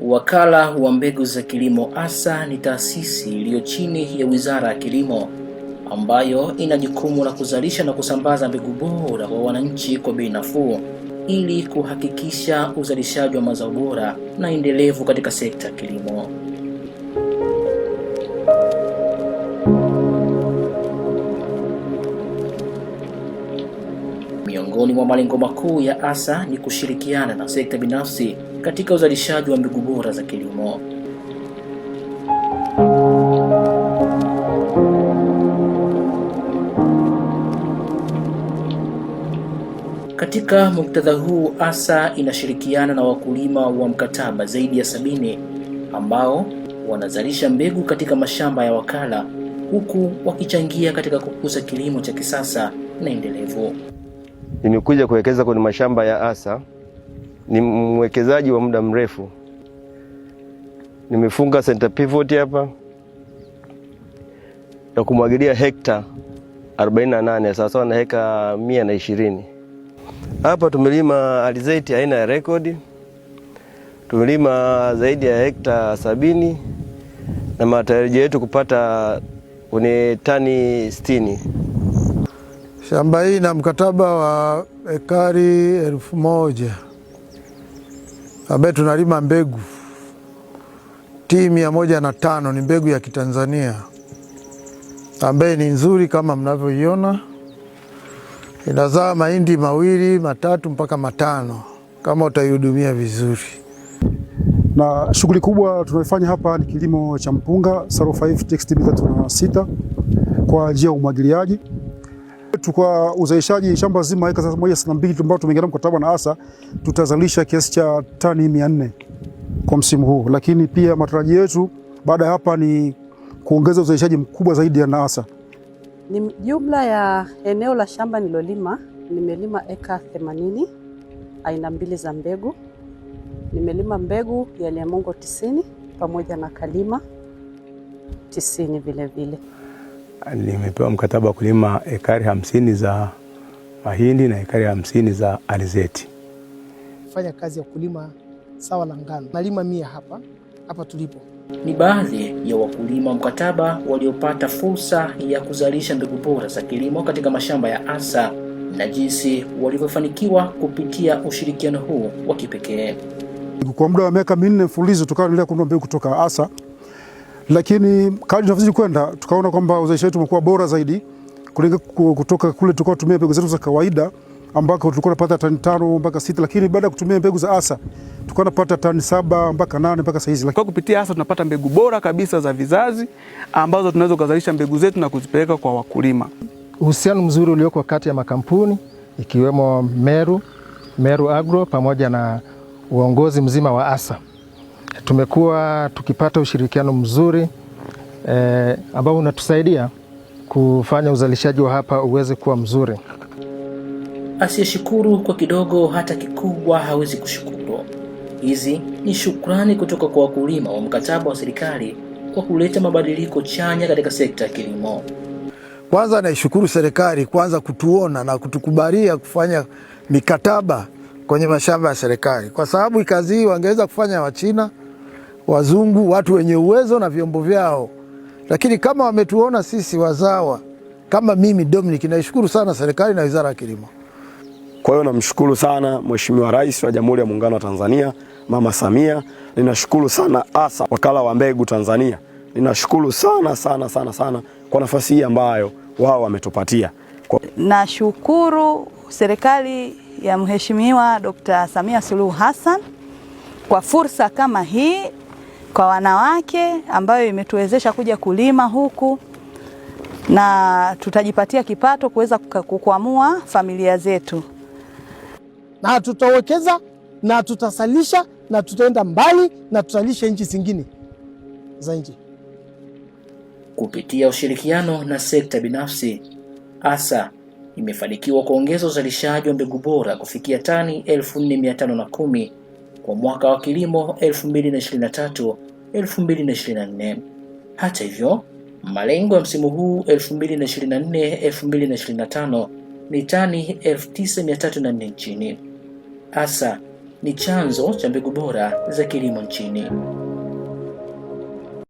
Wakala wa Mbegu za Kilimo ASA ni taasisi iliyo chini ya Wizara ya Kilimo ambayo ina jukumu la kuzalisha na kusambaza mbegu bora kwa wananchi kwa bei nafuu ili kuhakikisha uzalishaji wa mazao bora na endelevu katika sekta ya kilimo. Miongoni mwa malengo makuu ya ASA ni kushirikiana na sekta binafsi katika uzalishaji wa mbegu bora za kilimo. Katika muktadha huu, ASA inashirikiana na wakulima wa mkataba zaidi ya sabini ambao wanazalisha mbegu katika mashamba ya wakala huku wakichangia katika kukuza kilimo cha kisasa na endelevu. Nimekuja kuwekeza kwenye mashamba ya ASA ni mwekezaji wa muda mrefu. Nimefunga center pivot hapa na kumwagilia hekta 48 sawasawa na heka mia na ishirini. Hapa tumelima alizeti aina ya rekodi, tumelima zaidi ya hekta sabini na matarajio yetu kupata kwenye tani 60. Shamba hii na mkataba wa ekari elfu moja ambaye tunalima mbegu T mia moja na tano ni mbegu ya Kitanzania ambaye ni nzuri kama mnavyoiona, inazaa mahindi mawili matatu mpaka matano kama utaihudumia vizuri. Na shughuli kubwa tunaoifanya hapa ni kilimo cha mpunga sa5 sarufa 56 kwa njia ya umwagiliaji tukwa uzalishaji shamba zima eka 162 ambao tumeingia mkataba na ASA tutazalisha kiasi cha tani 400 kwa msimu huu, lakini pia matarajio yetu baada ya hapa ni kuongeza uzalishaji mkubwa zaidi ya na ASA. Ni jumla ya eneo la shamba nilolima, nimelima eka 80 aina mbili za mbegu. Nimelima mbegu ya liamungo 90 pamoja na kalima 90 vilevile nimepewa mkataba wa kulima ekari hamsini za mahindi na ekari hamsini za alizeti. Fanya kazi ya kulima sawa la ngano, nalima mia hapa hapa tulipo. Ni baadhi ya wakulima mkataba waliopata fursa ya kuzalisha mbegu bora za kilimo katika mashamba ya ASA na jinsi walivyofanikiwa kupitia ushirikiano huu wa kipekee. Kwa muda wa miaka minne mfululizo tukawa tunaendelea kununua mbegu kutoka ASA lakini kadri tunavyozidi kwenda tukaona kwamba uzalishaji wetu umekuwa bora zaidi kulinga kutoka kule tulikuwa tumia mbegu zetu za kawaida ambako tulikuwa tunapata tani tano mpaka sita, lakini baada ya kutumia mbegu za ASA tulikuwa tunapata tani saba mpaka nane mpaka saizi. kwa kupitia ASA tunapata mbegu bora kabisa za vizazi ambazo tunaweza kuzalisha mbegu zetu na kuzipeleka kwa wakulima. Uhusiano mzuri ulioko kati ya makampuni ikiwemo Meru, Meru Agro pamoja na uongozi mzima wa ASA tumekuwa tukipata ushirikiano mzuri e, ambao unatusaidia kufanya uzalishaji wa hapa uweze kuwa mzuri. Asiyeshukuru kwa kidogo hata kikubwa hawezi kushukuru. Hizi ni shukrani kutoka kwa wakulima wa mkataba wa serikali kwa kuleta mabadiliko chanya katika sekta ya kilimo. Kwanza naishukuru serikali kwanza kutuona na kutukubalia kufanya mikataba kwenye mashamba ya serikali, kwa sababu kazi hii wangeweza kufanya Wachina wazungu, watu wenye uwezo na vyombo vyao, lakini kama wametuona sisi wazawa kama mimi Dominic, naishukuru sana serikali na Wizara ya Kilimo. Kwa hiyo namshukuru sana Mheshimiwa Rais wa Jamhuri ya Muungano wa Tanzania Mama Samia. Ninashukuru sana ASA, wakala wa mbegu Tanzania. Ninashukuru sana sana sana sana kwa nafasi hii ambayo wao wametupatia. Kwa... nashukuru serikali ya Mheshimiwa Dr. Samia Suluhu Hassan kwa fursa kama hii kwa wanawake ambayo imetuwezesha kuja kulima huku na tutajipatia kipato kuweza kukwamua familia zetu, na tutawekeza na tutasalisha na tutaenda mbali na tutalisha nchi zingine za nje. Kupitia ushirikiano na sekta binafsi, ASA imefanikiwa kuongeza uzalishaji wa mbegu bora kufikia tani 4510 kwa mwaka wa kilimo 2023 2024. Hata hivyo, malengo ya msimu huu 2024 2025 ni tani 934 nchini. Hasa ni chanzo cha mbegu bora za kilimo nchini.